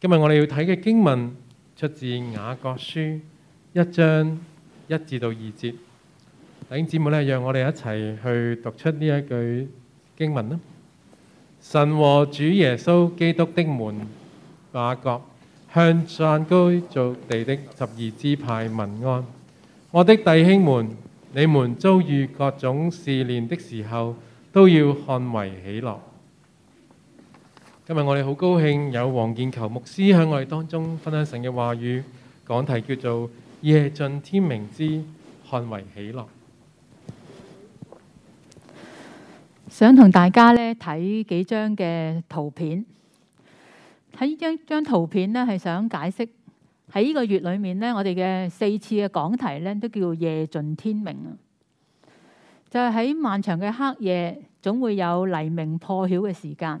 今日我哋要睇嘅經文出自雅各書一章一至到二節，弟兄姊妹咧，讓我哋一齊去讀出呢一句經文啦。神和主耶穌基督的門雅各向散居各地的十二支派問安：我的弟兄們，你們遭遇各種試煉的時候，都要看為喜樂。今日我哋好高興有黃建球牧師喺我哋當中分享神嘅話語，講題叫做《夜盡天明之看為喜樂》。想同大家咧睇幾張嘅圖片，睇呢張圖片咧係想解釋喺呢個月裏面咧，我哋嘅四次嘅講題咧都叫夜盡天明啊！就係、是、喺漫長嘅黑夜，總會有黎明破曉嘅時間。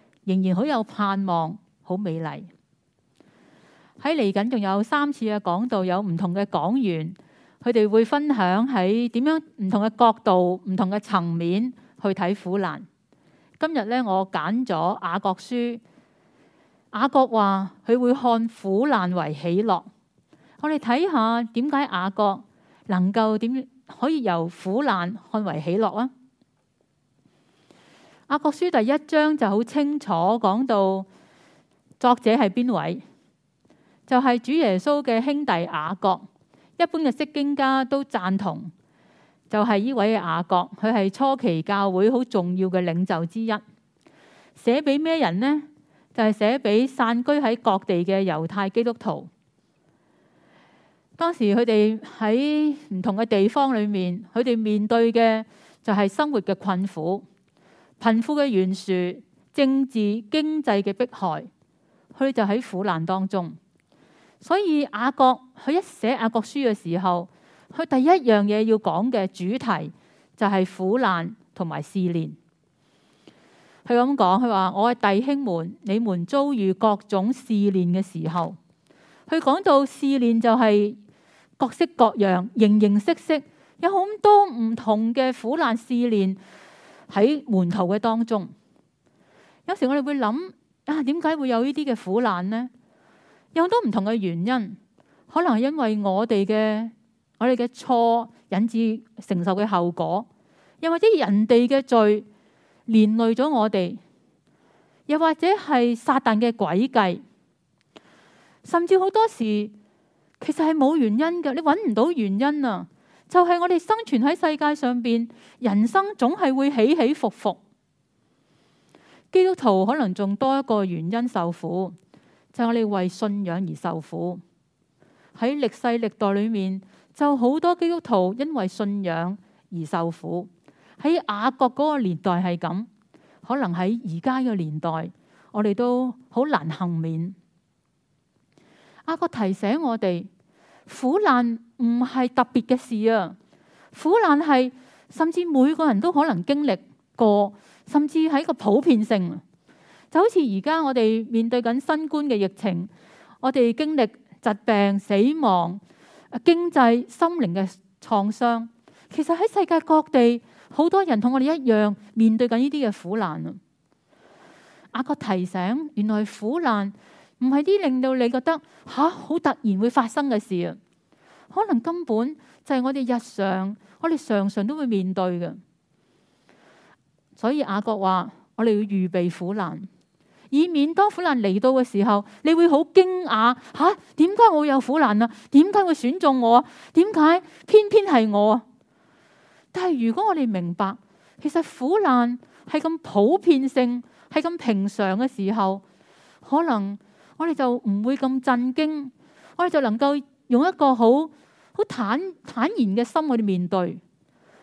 仍然好有盼望，好美麗。喺嚟緊仲有三次嘅講道，有唔同嘅講員，佢哋會分享喺點樣唔同嘅角度、唔同嘅層面去睇苦難。今日咧，我揀咗雅各書。雅各話佢會看苦難為喜樂。我哋睇下點解雅各能夠點可以由苦難看為喜樂啊？《雅各書》第一章就好清楚講到作者係邊位，就係主耶穌嘅兄弟雅各。一般嘅釋經家都贊同，就係呢位雅各，佢係初期教會好重要嘅領袖之一。寫俾咩人呢？就係寫俾散居喺各地嘅猶太基督徒。當時佢哋喺唔同嘅地方裏面，佢哋面對嘅就係生活嘅困苦。貧富嘅懸殊、政治、經濟嘅迫害，佢就喺苦難當中。所以雅各佢一寫雅各書嘅時候，佢第一樣嘢要講嘅主題就係苦難同埋試煉。佢咁講，佢話：我嘅弟兄們，你們遭遇各種試煉嘅時候，佢講到試煉就係各式各樣、形形色色，有好多唔同嘅苦難試煉。喺門徒嘅當中，有時我哋會諗啊，點解會有呢啲嘅苦難呢？有好多唔同嘅原因，可能係因為我哋嘅我哋嘅錯引致承受嘅後果，又或者人哋嘅罪連累咗我哋，又或者係撒旦嘅詭計，甚至好多時其實係冇原因嘅，你揾唔到原因啊！就係、是、我哋生存喺世界上面，人生總係會起起伏伏。基督徒可能仲多一個原因受苦，就係、是、我哋為信仰而受苦。喺歷世歷代裏面，就好多基督徒因為信仰而受苦。喺雅各嗰個年代係咁，可能喺而家嘅年代，我哋都好難幸免。雅各提醒我哋。苦難唔係特別嘅事啊！苦難係甚至每個人都可能經歷過，甚至係一個普遍性。就好似而家我哋面對緊新冠嘅疫情，我哋經歷疾病、死亡、經濟、心靈嘅創傷。其實喺世界各地，好多人同我哋一樣面對緊呢啲嘅苦難啊！一個提醒，原來苦難唔係啲令到你覺得吓好、啊、突然會發生嘅事啊！可能根本就係我哋日常，我哋常常都會面對嘅。所以雅各話：我哋要預備苦難，以免當苦難嚟到嘅時候，你會好驚訝吓，點解我會有苦難啊？點解會選中我？點解偏偏係我？但係如果我哋明白，其實苦難係咁普遍性，係咁平常嘅時候，可能我哋就唔會咁震驚，我哋就能夠用一個好。好坦坦然嘅心去面對。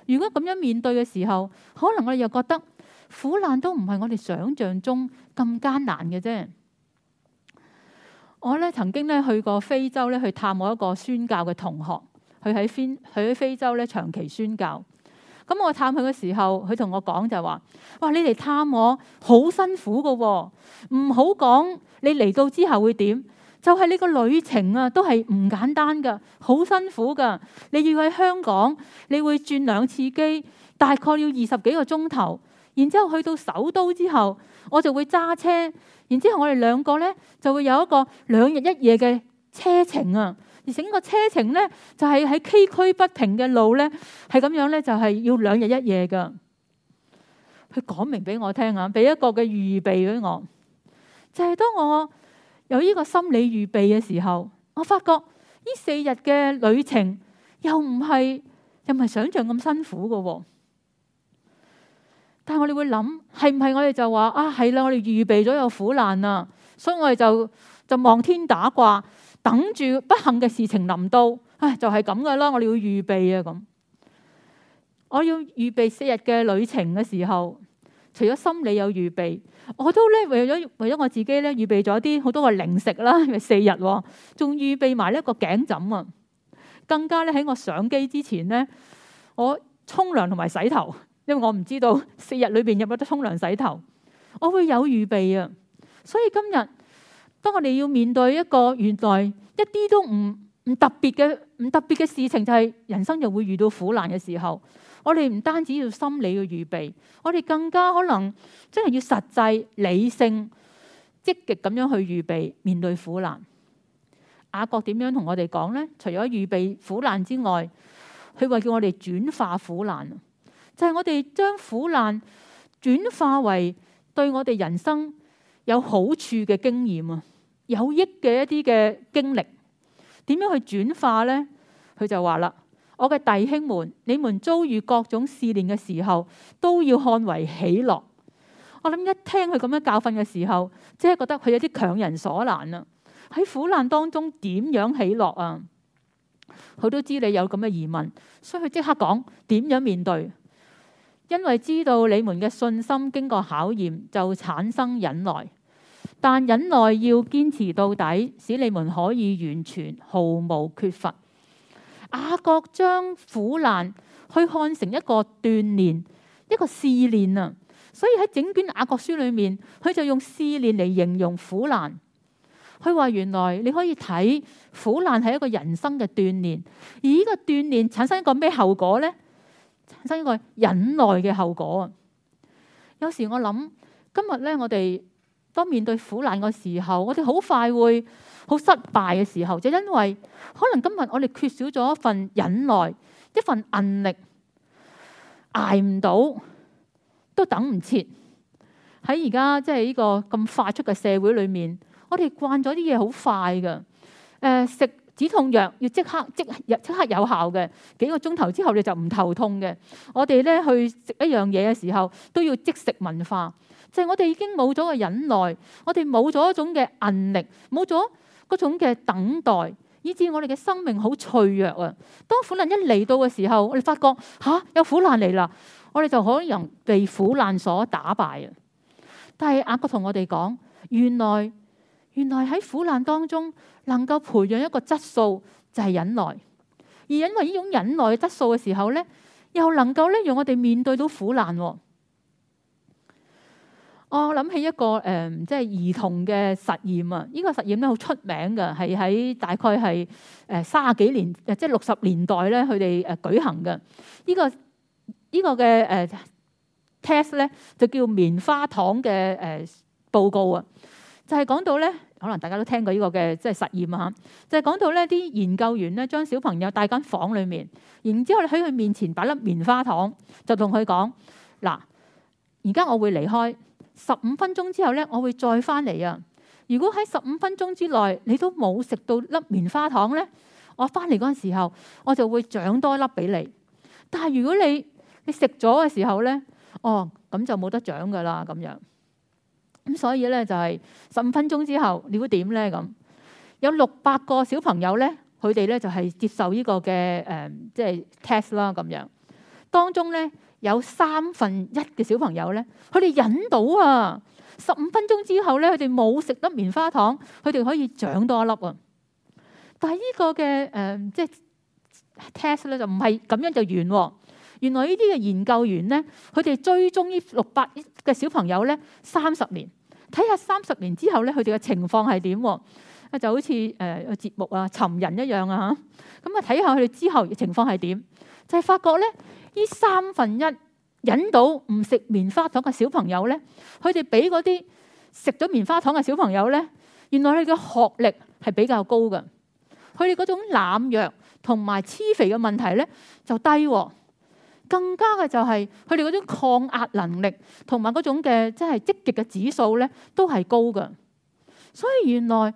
如果咁樣面對嘅時候，可能我哋又覺得苦難都唔係我哋想象中咁艱難嘅啫。我咧曾經咧去過非洲咧去探我一個宣教嘅同學，佢喺非佢喺非洲咧長期宣教。咁我探佢嘅時候，佢同我講就話：哇！你嚟探我好辛苦㗎，唔好講你嚟到之後會點。就係你個旅程啊，都係唔簡單噶，好辛苦噶。你要喺香港，你會轉兩次機，大概要二十幾個鐘頭。然之後去到首都之後，我就會揸車。然之後我哋兩個呢，就會有一個兩日一夜嘅車程啊。而整個車程呢，就係喺崎嶇不平嘅路呢，係咁樣呢，就係要兩日一夜噶。佢講明俾我聽啊，俾一個嘅預備俾我，就係當我。有呢個心理預備嘅時候，我發覺呢四日嘅旅程又唔係又唔係想象咁辛苦嘅。但係我哋會諗，係唔係我哋就話啊係啦，我哋預備咗有苦難啊，所以我哋就就望天打卦，等住不幸嘅事情臨到，唉、哎，就係咁嘅啦。我哋要預備啊，咁我要預備四日嘅旅程嘅時候。除咗心理有預備，我都咧為咗為咗我自己咧預備咗啲好多個零食啦，四日仲預備埋一個頸枕啊，更加咧喺我上機之前咧，我沖涼同埋洗頭，因為我唔知道四日裏邊有冇得沖涼洗頭，我會有預備啊。所以今日當我哋要面對一個原來一啲都唔唔特別嘅唔特別嘅事情，就係人生又會遇到苦難嘅時候。我哋唔單止要心理嘅預備，我哋更加可能真係要實際、理性、積極咁樣去預備面對苦難。雅各點樣同我哋講呢？除咗預備苦難之外，佢話叫我哋轉化苦難，就係我哋將苦難轉化為對我哋人生有好處嘅經驗啊，有益嘅一啲嘅經歷。點樣去轉化呢？佢就話啦。我嘅弟兄們，你們遭遇各種試煉嘅時候，都要看為喜樂。我諗一聽佢咁樣教訓嘅時候，即係覺得佢有啲強人所難啦。喺苦難當中點樣喜樂啊？佢都知你有咁嘅疑問，所以佢即刻講點樣面對。因為知道你們嘅信心經過考驗就產生忍耐，但忍耐要堅持到底，使你們可以完全毫無缺乏。雅各將苦難去看成一個鍛鍊，一個試煉啊。所以喺整卷雅各書裏面，佢就用試煉嚟形容苦難。佢話：原來你可以睇苦難係一個人生嘅鍛鍊，而呢個鍛鍊產生一個咩後果呢？產生一個忍耐嘅後果啊。有時我諗今日咧，我哋。當面對苦難嘅時候，我哋好快會好失敗嘅時候，就因為可能今日我哋缺少咗一份忍耐、一份韌力，捱唔到，都等唔切。喺而家即係呢個咁快速嘅社會裏面，我哋慣咗啲嘢好快㗎。誒、呃，食止痛藥要即刻即即刻有效嘅，幾個鐘頭之後你就唔頭痛嘅。我哋咧去食一樣嘢嘅時候，都要即食文化。就係、是、我哋已經冇咗個忍耐，我哋冇咗一種嘅韌力，冇咗嗰種嘅等待，以致我哋嘅生命好脆弱啊！當苦難一嚟到嘅時候，我哋發覺吓、啊，有苦難嚟啦，我哋就可能被苦難所打敗啊！但係亞伯同我哋講，原來原來喺苦難當中能夠培養一個質素就係、是、忍耐，而因為呢種忍耐質素嘅時候咧，又能夠咧讓我哋面對到苦難喎。我諗起一個誒、呃，即係兒童嘅實驗啊！呢、這個實驗咧好出名㗎，係喺大概係誒卅幾年，即係六十年代咧，佢哋誒舉行嘅呢、這個依、這個嘅誒 test 咧，呃、就叫棉花糖嘅誒、呃、報告啊，就係、是、講到咧，可能大家都聽過呢、這個嘅即係實驗啊嚇，就係、是、講到咧啲研究員咧將小朋友帶間房裏面，然之後喺佢面前擺粒棉花糖，就同佢講嗱，而家我會離開。十五分鐘之後咧，我會再翻嚟啊！如果喺十五分鐘之內你都冇食到粒棉花糖咧，我翻嚟嗰陣時候，我就會獎多粒俾你。但係如果你你食咗嘅時候咧，哦，咁就冇得獎噶啦咁樣。咁所以咧就係十五分鐘之後，你會點咧？咁有六百個小朋友咧，佢哋咧就係接受呢個嘅誒，即係 test 啦咁樣。當中咧。有三分一嘅小朋友咧，佢哋忍到啊！十五分鐘之後咧，佢哋冇食得棉花糖，佢哋可以長多一粒啊！但係呢個嘅誒，即係 test 咧，就唔係咁樣就完啊。原來呢啲嘅研究員咧，佢哋追蹤呢六百億嘅小朋友咧，三十年，睇下三十年之後咧，佢哋嘅情況係點？啊，就好似誒個節目啊，尋人一樣啊嚇！咁、嗯、啊，睇下佢哋之後嘅情況係點？就係、是、發覺咧。呢三分一忍到唔食棉花糖嘅小朋友呢，佢哋俾嗰啲食咗棉花糖嘅小朋友呢，原來佢哋嘅學歷係比較高嘅，佢哋嗰種濫藥同埋黐肥嘅問題呢，就低，更加嘅就係佢哋嗰種抗壓能力同埋嗰種嘅即係積極嘅指數呢，都係高嘅。所以原來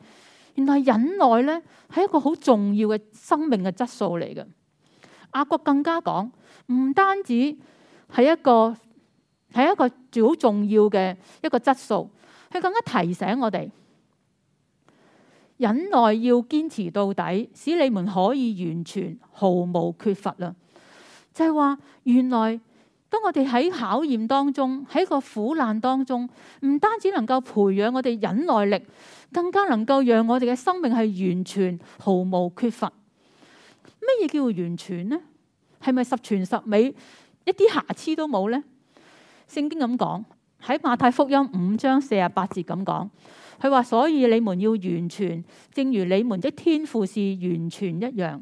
原來忍耐呢，係一個好重要嘅生命嘅質素嚟嘅。阿國更加講。唔單止係一個係一個好重要嘅一個質素，佢更加提醒我哋忍耐要堅持到底，使你們可以完全毫無缺乏啦。就係話，原來當我哋喺考驗當中，喺個苦難當中，唔單止能夠培養我哋忍耐力，更加能夠讓我哋嘅生命係完全毫無缺乏。乜嘢叫完全呢？係咪十全十美，一啲瑕疵都冇呢？聖經咁講，喺馬太福音五章四十八節咁講，佢話，所以你們要完全，正如你們的天父是完全一樣。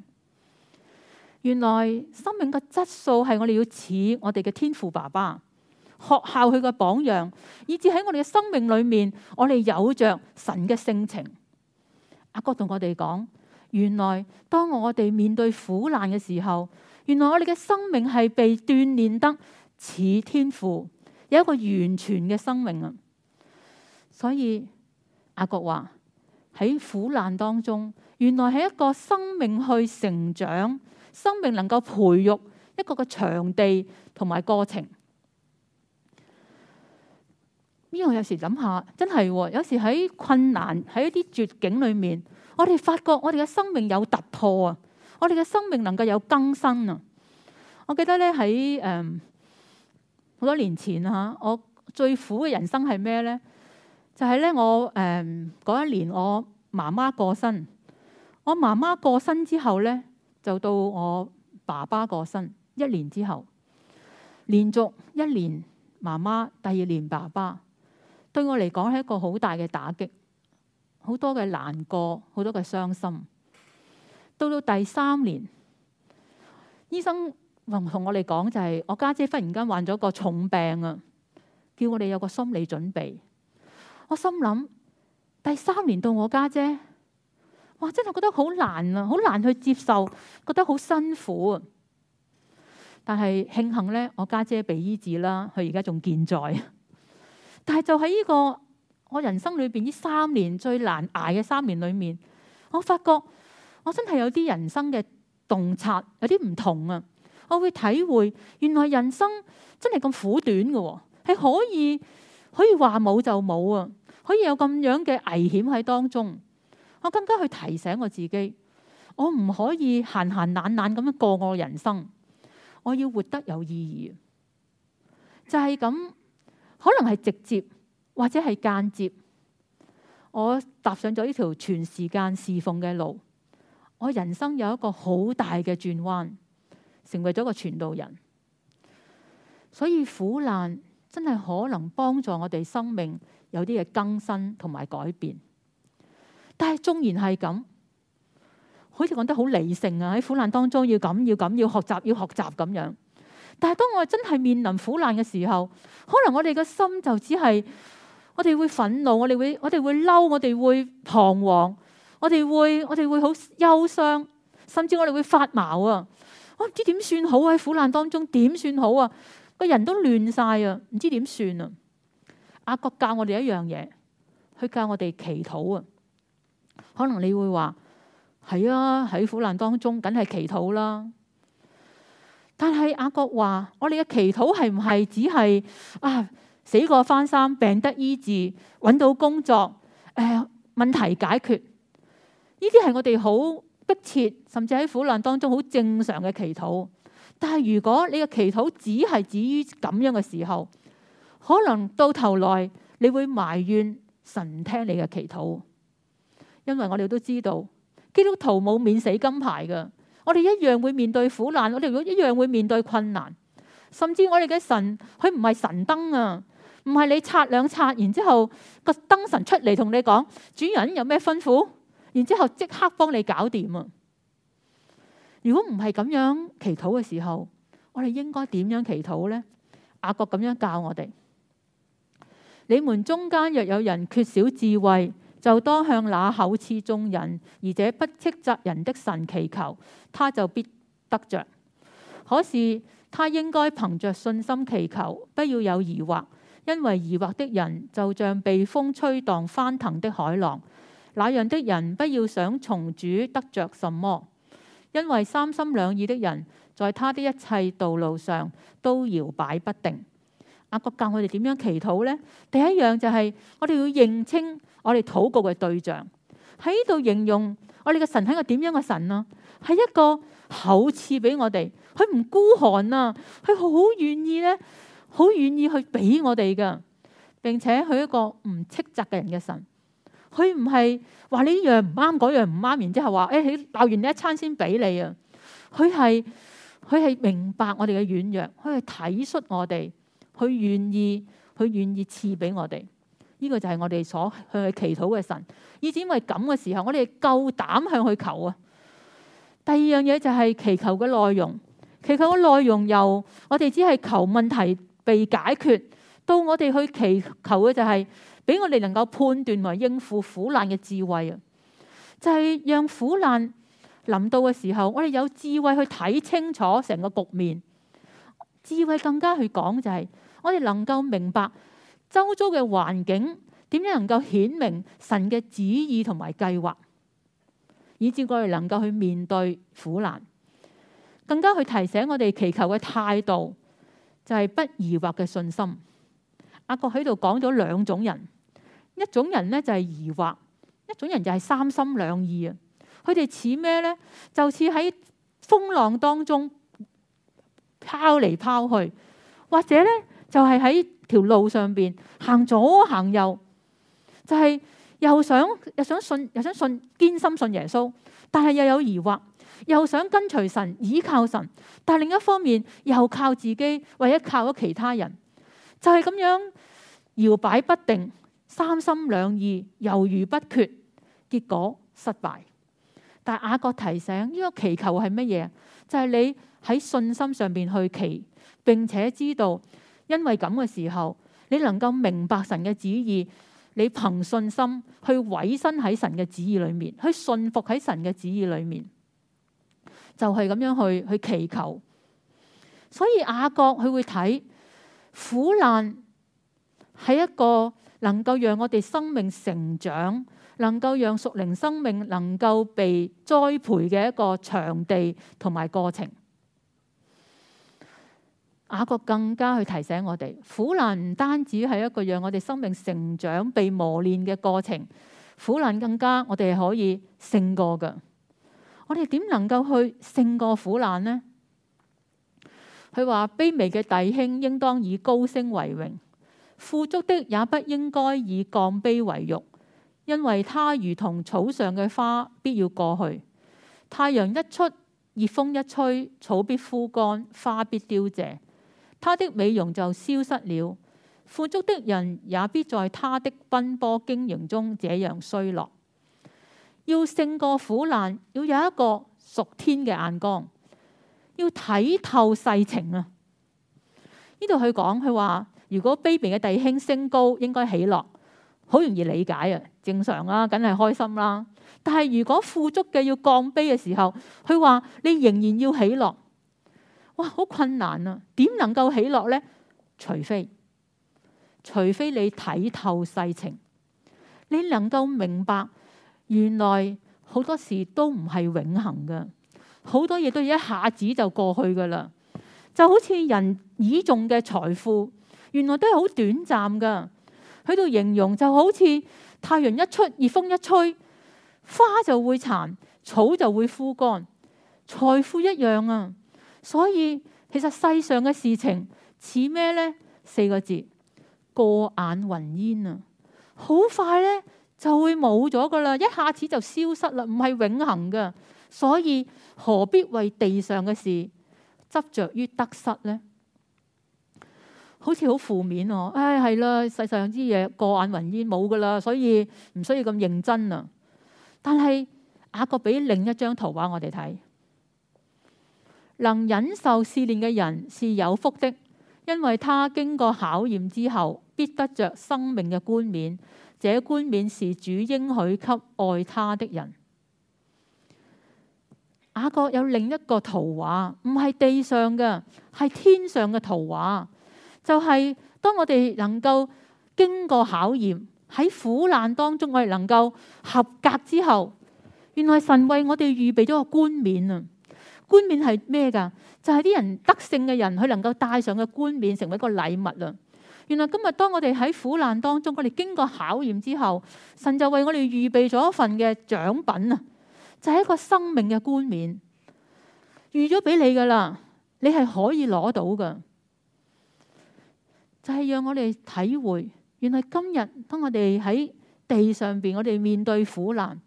原來生命嘅質素，係我哋要似我哋嘅天父爸爸，學效佢嘅榜樣，以至喺我哋嘅生命裏面，我哋有着神嘅性情。阿哥同我哋講，原來當我哋面對苦難嘅時候，原來我哋嘅生命係被鍛煉得似天父，有一個完全嘅生命啊！所以阿國話喺苦難當中，原來係一個生命去成長，生命能夠培育一個嘅場地同埋過程。呢，我有時諗下，真係有時喺困難喺啲絕境裏面，我哋發覺我哋嘅生命有突破啊！我哋嘅生命能夠有更新啊！我記得咧喺誒好多年前嚇，我最苦嘅人生係咩呢？就係咧我誒嗰一年我媽媽過身，我媽媽過身之後呢，就到我爸爸過身，一年之後連續一年媽媽，第二年爸爸，對我嚟講係一個好大嘅打擊，好多嘅難過，好多嘅傷心。到到第三年，醫生同同我哋講就係我家姐忽然間患咗個重病啊，叫我哋有個心理準備。我心諗第三年到我家姐，哇真係覺得好難啊，好難去接受，覺得好辛苦。但係慶幸呢，我家姐被醫治啦，佢而家仲健在。但係就喺呢個我人生裏邊呢三年最難捱嘅三年裏面，我發覺。我真係有啲人生嘅洞察，有啲唔同啊！我會體會，原來人生真係咁苦短嘅，係可以可以話冇就冇啊！可以有咁樣嘅危險喺當中，我更加去提醒我自己，我唔可以閒閒懶懶咁樣過我人生，我要活得有意義。就係咁，可能係直接或者係間接，我踏上咗呢條全時間侍奉嘅路。我人生有一個好大嘅轉彎，成為咗個傳道人。所以苦難真係可能幫助我哋生命有啲嘢更新同埋改變。但係縱然係咁，好似講得好理性啊，喺苦難當中要咁要咁，要學習要學習咁樣。但係當我真係面臨苦難嘅時候，可能我哋嘅心就只係，我哋會憤怒，我哋會我哋會嬲，我哋會彷徨。我哋會，我哋會好憂傷，甚至我哋會發毛啊！我唔知點算好，喺苦難當中點算好啊？個人都亂晒啊，唔知點算啊！阿國教我哋一樣嘢，佢教我哋祈禱啊。可能你會話係啊，喺苦難當中梗係祈禱啦。但係阿國話，我哋嘅祈禱係唔係只係啊死過翻生、病得醫治、揾到工作、誒、呃、問題解決？呢啲係我哋好迫切，甚至喺苦難當中好正常嘅祈禱。但係如果你嘅祈禱只係止於咁樣嘅時候，可能到頭來你會埋怨神唔聽你嘅祈禱。因為我哋都知道，基督徒冇免死金牌噶，我哋一樣會面對苦難，我哋如果一樣會面對困難，甚至我哋嘅神佢唔係神燈啊，唔係你擦兩擦，然之後個燈神出嚟同你講，主人有咩吩咐？然之後即刻幫你搞掂啊！如果唔係咁樣祈禱嘅時候，我哋應該點樣祈禱呢？雅各咁樣教我哋：你們中間若有人缺少智慧，就多向那厚賜眾人，而且不斥責人的神祈求，他就必得着。可」可是他應該憑着信心祈求，不要有疑惑，因為疑惑的人就像被風吹盪翻騰的海浪。那樣的人不要想從主得着什麼，因為三心兩意的人在他的一切道路上都搖擺不定。阿、啊、國教我哋點樣祈禱呢？第一樣就係、是、我哋要認清我哋禱告嘅對象，喺呢度形容我哋嘅神係個點樣嘅神啊？係一個厚賜俾我哋，佢唔孤寒啊，佢好願意咧，好願意去俾我哋噶，並且佢係一個唔斥責嘅人嘅神。佢唔係話呢樣唔啱，嗰樣唔啱，然之後話誒，哎、你鬧完呢一餐先俾你啊！佢係佢係明白我哋嘅軟弱，佢係體恤我哋，佢願意佢願意賜俾我哋。呢、這個就係我哋所去祈禱嘅神。以至因為咁嘅時候，我哋夠膽向佢求啊！第二樣嘢就係祈求嘅內容，祈求嘅內容由我哋只係求問題被解決，到我哋去祈求嘅就係、是。俾我哋能夠判斷同埋應付苦難嘅智慧啊，就係讓苦難臨到嘅時候，我哋有智慧去睇清楚成個局面。智慧更加去講就係，我哋能夠明白周遭嘅環境點樣能夠顯明神嘅旨意同埋計劃，以至我哋能夠去面對苦難，更加去提醒我哋祈求嘅態度就係不疑惑嘅信心。阿國喺度講咗兩種人。一種人咧就係疑惑，一種人就係三心兩意啊。佢哋似咩咧？就似喺風浪當中拋嚟拋去，或者咧就係喺條路上邊行左行右，就係、是、又想又想信又想信堅心信耶穌，但係又有疑惑，又想跟隨神倚靠神，但係另一方面又靠自己，或者靠咗其他人，就係、是、咁樣搖擺不定。三心兩意，猶豫不決，結果失敗。但雅各提醒：呢、這個祈求係乜嘢？就係、是、你喺信心上邊去祈，並且知道，因為咁嘅時候，你能夠明白神嘅旨意，你憑信心去委身喺神嘅旨意裏面，去信服喺神嘅旨意裏面，就係、是、咁樣去去祈求。所以雅各佢會睇苦難係一個。能夠讓我哋生命成長，能夠讓屬靈生命能夠被栽培嘅一個場地同埋過程，雅各更加去提醒我哋，苦難唔單止係一個讓我哋生命成長、被磨練嘅過程，苦難更加我哋可以勝過嘅。我哋點能夠去勝過苦難呢？佢話：卑微嘅弟兄，應當以高升為榮。富足的也不應該以降卑為辱，因為他如同草上嘅花，必要過去。太陽一出，熱風一吹，草必枯乾，花必凋謝。他的美容就消失了。富足的人也必在他的奔波經營中這樣衰落。要勝過苦難，要有一個屬天嘅眼光，要睇透世情啊！呢度佢講，佢話。如果卑微嘅弟兄升高，應該喜樂，好容易理解啊，正常啦、啊，梗係開心啦、啊。但係如果富足嘅要降卑嘅時候，佢話你仍然要喜樂，哇，好困難啊！點能夠喜樂呢？除非除非你睇透世情，你能夠明白原來好多事都唔係永恒嘅，好多嘢都一下子就過去㗎啦。就好似人倚重嘅財富。原來都係好短暫噶，喺度形容就好似太陽一出，熱風一吹，花就會殘，草就會枯乾，財富一樣啊！所以其實世上嘅事情似咩呢？四個字過眼雲煙啊，好快呢，就會冇咗噶啦，一下子就消失啦，唔係永恒噶。所以何必為地上嘅事執着於得失呢？好似好負面哦！唉，係啦，世上啲嘢過眼雲煙，冇噶啦，所以唔需要咁認真啦。但係雅各俾另一張圖畫我哋睇，能忍受試煉嘅人是有福的，因為他經過考驗之後，必得着生命嘅冠冕。這冠冕是主應許給愛他的人。雅各有另一個圖畫，唔係地上嘅，係天上嘅圖畫。就係當我哋能夠經過考驗喺苦難當中，我哋能夠合格之後，原來神為我哋預備咗個冠冕啊！冠冕係咩噶？就係啲人得勝嘅人，佢能夠帶上嘅冠冕，成為一個禮物啊！原來今日當我哋喺苦難當中，我哋經過考驗之後，神就為我哋預備咗一份嘅獎品啊！就係一個生命嘅冠冕，預咗俾你噶啦，你係可以攞到噶。就係、是、讓我哋體會，原來今日當我哋喺地上邊，我哋面對苦難，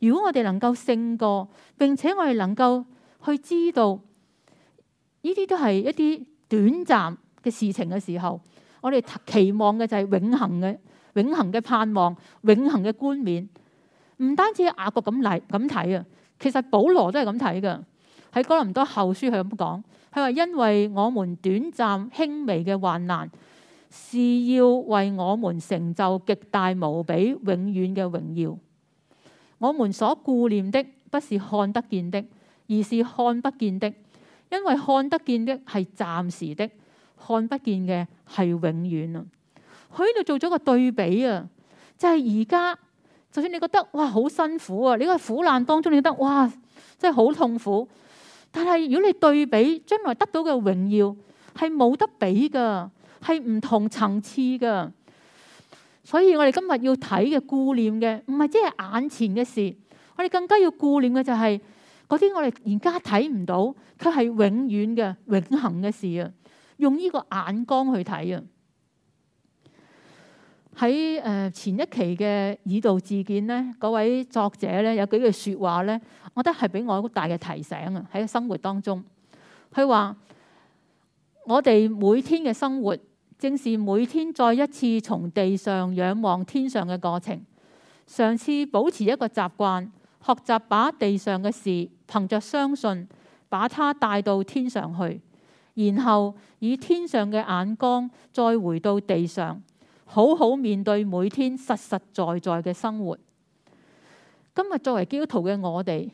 如果我哋能夠勝過，並且我哋能夠去知道，呢啲都係一啲短暫嘅事情嘅時候，我哋期望嘅就係永恆嘅、永恆嘅盼望、永恆嘅冠冕。唔單止雅各咁嚟咁睇啊，其實保羅都係咁睇㗎。喺哥林多後書係咁講，佢話因為我們短暫輕微嘅患難。是要為我們成就極大無比永遠嘅榮耀。我們所顧念的不是看得見的，而是看不見的，因為看得見的係暫時的，看不見的係永遠啊。佢喺度做咗個對比啊，就係而家就算你覺得哇好辛苦啊，你喺苦難當中你覺得哇真係好痛苦，但係如果你對比將來得到嘅榮耀，係冇得比噶。係唔同層次噶，所以我哋今日要睇嘅顧念嘅，唔係即係眼前嘅事。我哋更加要顧念嘅就係嗰啲我哋而家睇唔到，佢係永遠嘅、永恆嘅事啊。用呢個眼光去睇啊。喺誒前一期嘅以道自見咧，嗰位作者咧有幾句説話咧，我覺得係俾我一個大嘅提醒啊。喺生活當中，佢話。我哋每天嘅生活，正是每天再一次從地上仰望天上嘅過程。嘗試保持一個習慣，學習把地上嘅事，憑着相信，把它帶到天上去，然後以天上嘅眼光再回到地上，好好面對每天實實在在嘅生活。今日作為基督徒嘅我哋，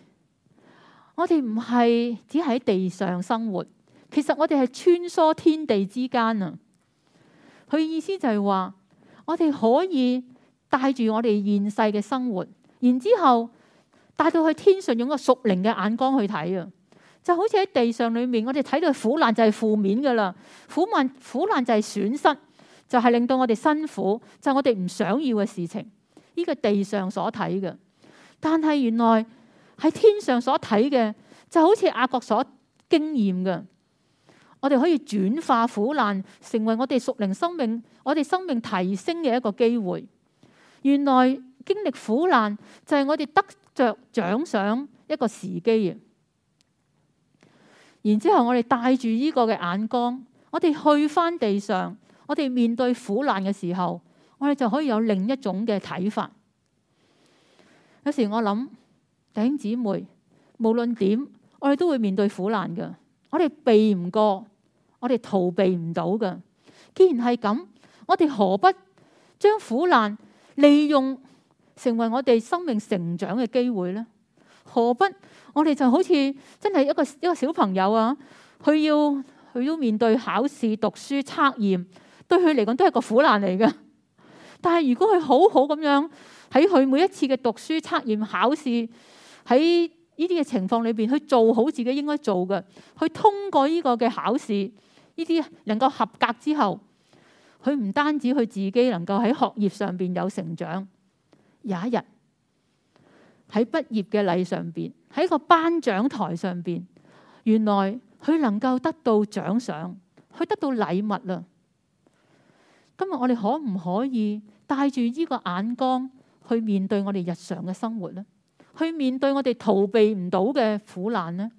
我哋唔係只喺地上生活。其實我哋係穿梭天地之間啊！佢意思就係話，我哋可以帶住我哋現世嘅生活，然之後帶到去天上，用個屬靈嘅眼光去睇啊！就好似喺地上裏面，我哋睇到苦難就係負面噶啦，苦難，苦難就係損失，就係令到我哋辛苦，就係我哋唔想要嘅事情。呢個地上所睇嘅，但係原來喺天上所睇嘅，就好似亞伯所經驗嘅。我哋可以轉化苦難，成為我哋屬靈生命、我哋生命提升嘅一個機會。原來經歷苦難就係、是、我哋得着獎賞一個時機。然之後我哋帶住呢個嘅眼光，我哋去返地上，我哋面對苦難嘅時候，我哋就可以有另一種嘅睇法。有時我諗，弟兄姊妹，無論點，我哋都會面對苦難嘅，我哋避唔過。我哋逃避唔到噶，既然係咁，我哋何不將苦難利用成為我哋生命成長嘅機會呢？何不我哋就好似真係一個一個小朋友啊，佢要佢要面對考試、讀書、測驗，對佢嚟講都係個苦難嚟㗎。但係如果佢好好咁樣喺佢每一次嘅讀書測驗、考試，喺呢啲嘅情況裏邊去做好自己應該做嘅，去通過呢個嘅考試。呢啲能夠合格之後，佢唔單止佢自己能夠喺學業上邊有成長，有一日喺畢業嘅禮上邊，喺個頒獎台上邊，原來佢能夠得到獎賞，去得到禮物啦。今日我哋可唔可以帶住呢個眼光去面對我哋日常嘅生活呢？去面對我哋逃避唔到嘅苦難呢？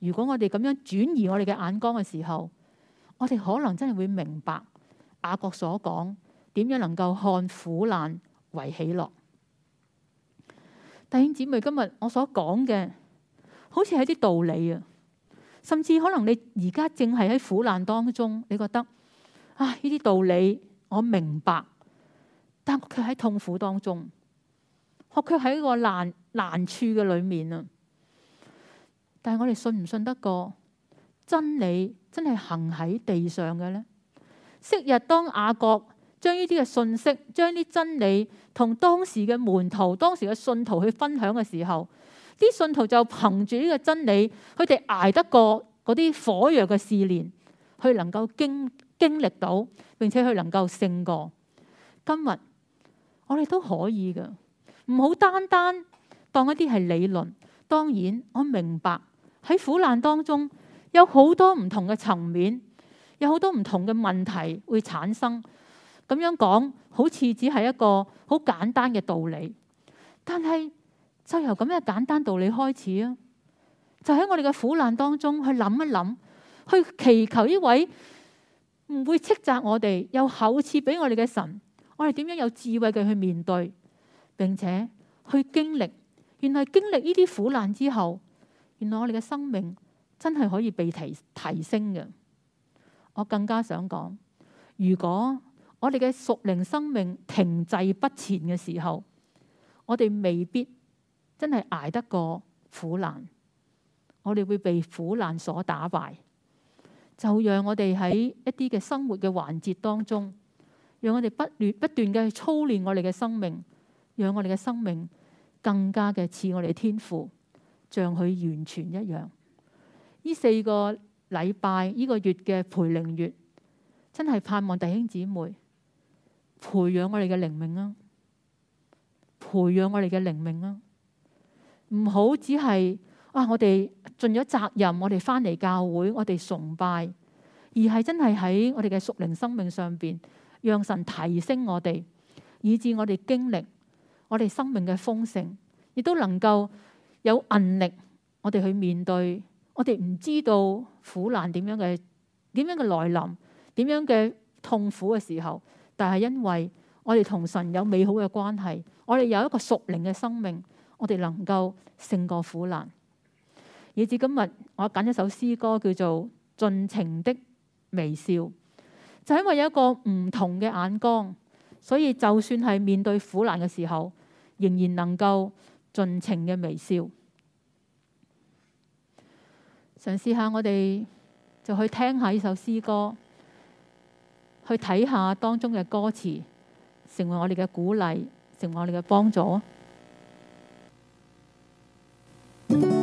如果我哋咁樣轉移我哋嘅眼光嘅時候，我哋可能真係會明白雅各所講點樣能夠看苦難為喜樂。弟兄姊妹，今日我所講嘅好似係啲道理啊，甚至可能你而家正係喺苦難當中，你覺得啊呢啲道理我明白，但係我卻喺痛苦當中，我卻喺一個難難處嘅裡面啊。但係我哋信唔信得過真理真係行喺地上嘅咧？昔日當雅各將呢啲嘅信息，將啲真理同當時嘅門徒，當時嘅信徒去分享嘅時候，啲信徒就憑住呢個真理，佢哋捱得過嗰啲火藥嘅試煉，佢能夠經經歷到，並且佢能夠勝過。今日我哋都可以嘅，唔好單單當一啲係理論。當然我明白。喺苦難當中，有好多唔同嘅層面，有好多唔同嘅問題會產生。咁樣講，好似只係一個好簡單嘅道理，但係就由咁樣簡單道理開始啊！就喺我哋嘅苦難當中去諗一諗，去祈求一位唔會斥責我哋，又厚賜俾我哋嘅神，我哋點樣有智慧嘅去面對，並且去經歷。原來經歷呢啲苦難之後。原來我哋嘅生命真係可以被提提升嘅。我更加想講，如果我哋嘅屬靈生命停滯不前嘅時候，我哋未必真係捱得過苦難，我哋會被苦難所打敗。就讓我哋喺一啲嘅生活嘅環節當中，讓我哋不斷不斷嘅操練我哋嘅生命，讓我哋嘅生命更加嘅似我哋嘅天父。像佢完全一樣。呢四個禮拜，呢、這個月嘅培靈月，真係盼望弟兄姊妹培養我哋嘅靈命啊！培養我哋嘅靈命啊！唔好只係啊，我哋盡咗責任，我哋翻嚟教會，我哋崇拜，而係真係喺我哋嘅屬靈生命上邊，讓神提升我哋，以致我哋經歷我哋生命嘅豐盛，亦都能夠。有韌力，我哋去面對我哋唔知道苦難點樣嘅點樣嘅來臨，點樣嘅痛苦嘅時候，但係因為我哋同神有美好嘅關係，我哋有一個屬靈嘅生命，我哋能夠勝過苦難。以至今日，我揀一首詩歌叫做《盡情的微笑》，就係因為有一個唔同嘅眼光，所以就算係面對苦難嘅時候，仍然能夠。盡情嘅微笑，嘗試下，我哋就去聽下呢首詩歌，去睇下當中嘅歌詞，成為我哋嘅鼓勵，成為我哋嘅幫助。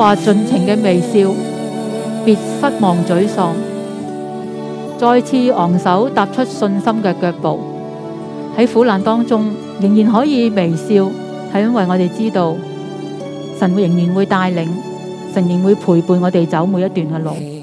話盡情嘅微笑，別失望沮喪，再次昂首踏出信心嘅腳步。喺苦難當中仍然可以微笑，係因為我哋知道神仍然會帶領，神仍然會陪伴我哋走每一段嘅路。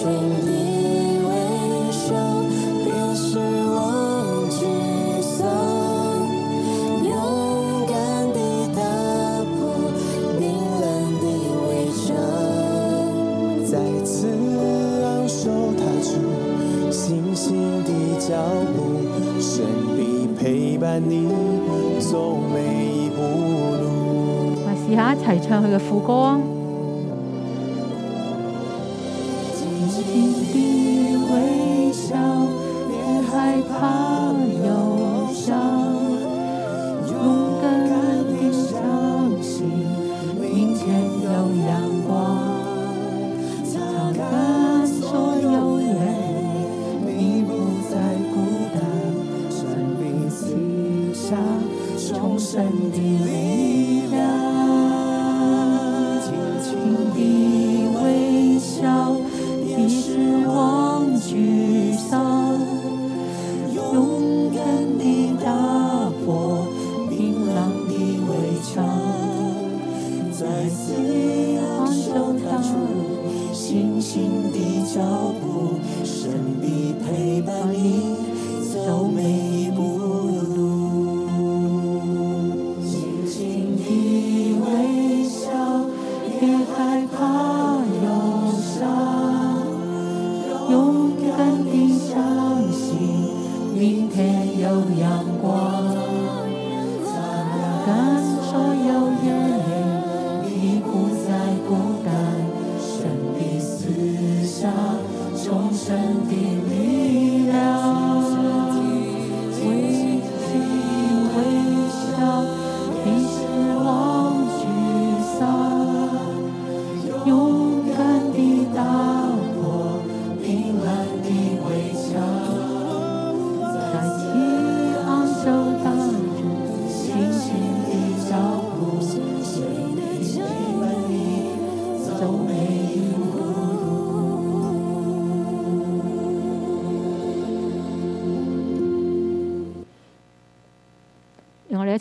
全力微笑，別失我沮喪，勇敢地打破冰冷的圍牆。再次昂首踏出信心的腳步，身邊陪伴你走每一步路。我試一下一齊唱佢嘅副歌。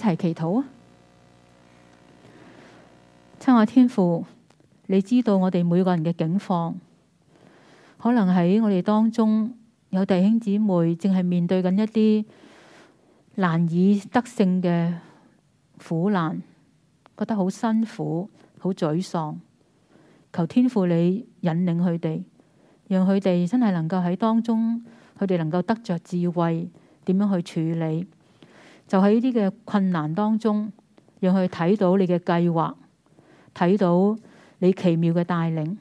係祈禱啊！親愛天父，你知道我哋每個人嘅境況，可能喺我哋當中有弟兄姊妹正係面對緊一啲難以得勝嘅苦難，覺得好辛苦、好沮喪。求天父你引領佢哋，讓佢哋真係能夠喺當中，佢哋能夠得着智慧，點樣去處理。就喺呢啲嘅困難當中，讓佢睇到你嘅計劃，睇到你奇妙嘅帶領。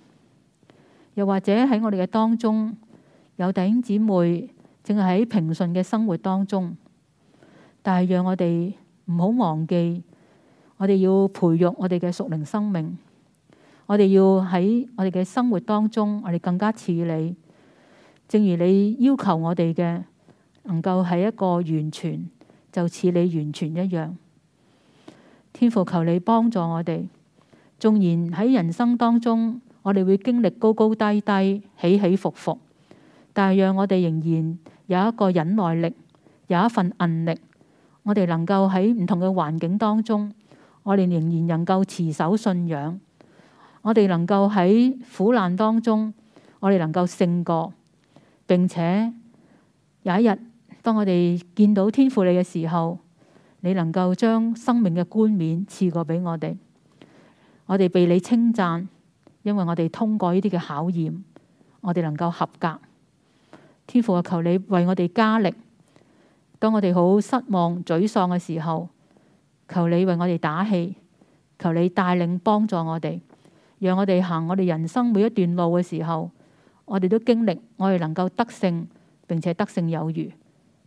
又或者喺我哋嘅當中，有弟兄姊妹正係喺平順嘅生活當中，但係讓我哋唔好忘記，我哋要培育我哋嘅屬靈生命。我哋要喺我哋嘅生活當中，我哋更加似你，正如你要求我哋嘅，能夠係一個完全。就似你完全一樣，天父求你幫助我哋。縱然喺人生當中，我哋會經歷高高低低、起起伏伏，但係讓我哋仍然有一個忍耐力，有一份韌力，我哋能夠喺唔同嘅環境當中，我哋仍然能夠持守信仰。我哋能夠喺苦難當中，我哋能夠勝過，並且有一日。當我哋見到天父你嘅時候，你能夠將生命嘅冠冕賜過俾我哋，我哋被你稱讚，因為我哋通過呢啲嘅考驗，我哋能夠合格。天父啊，求你為我哋加力。當我哋好失望、沮喪嘅時候，求你為我哋打氣，求你帶領幫助我哋，讓我哋行我哋人生每一段路嘅時候，我哋都經歷，我哋能夠得勝，並且得勝有餘。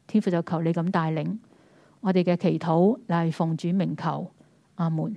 天父就求你咁帶領我哋嘅祈禱，乃係奉主名求，阿門。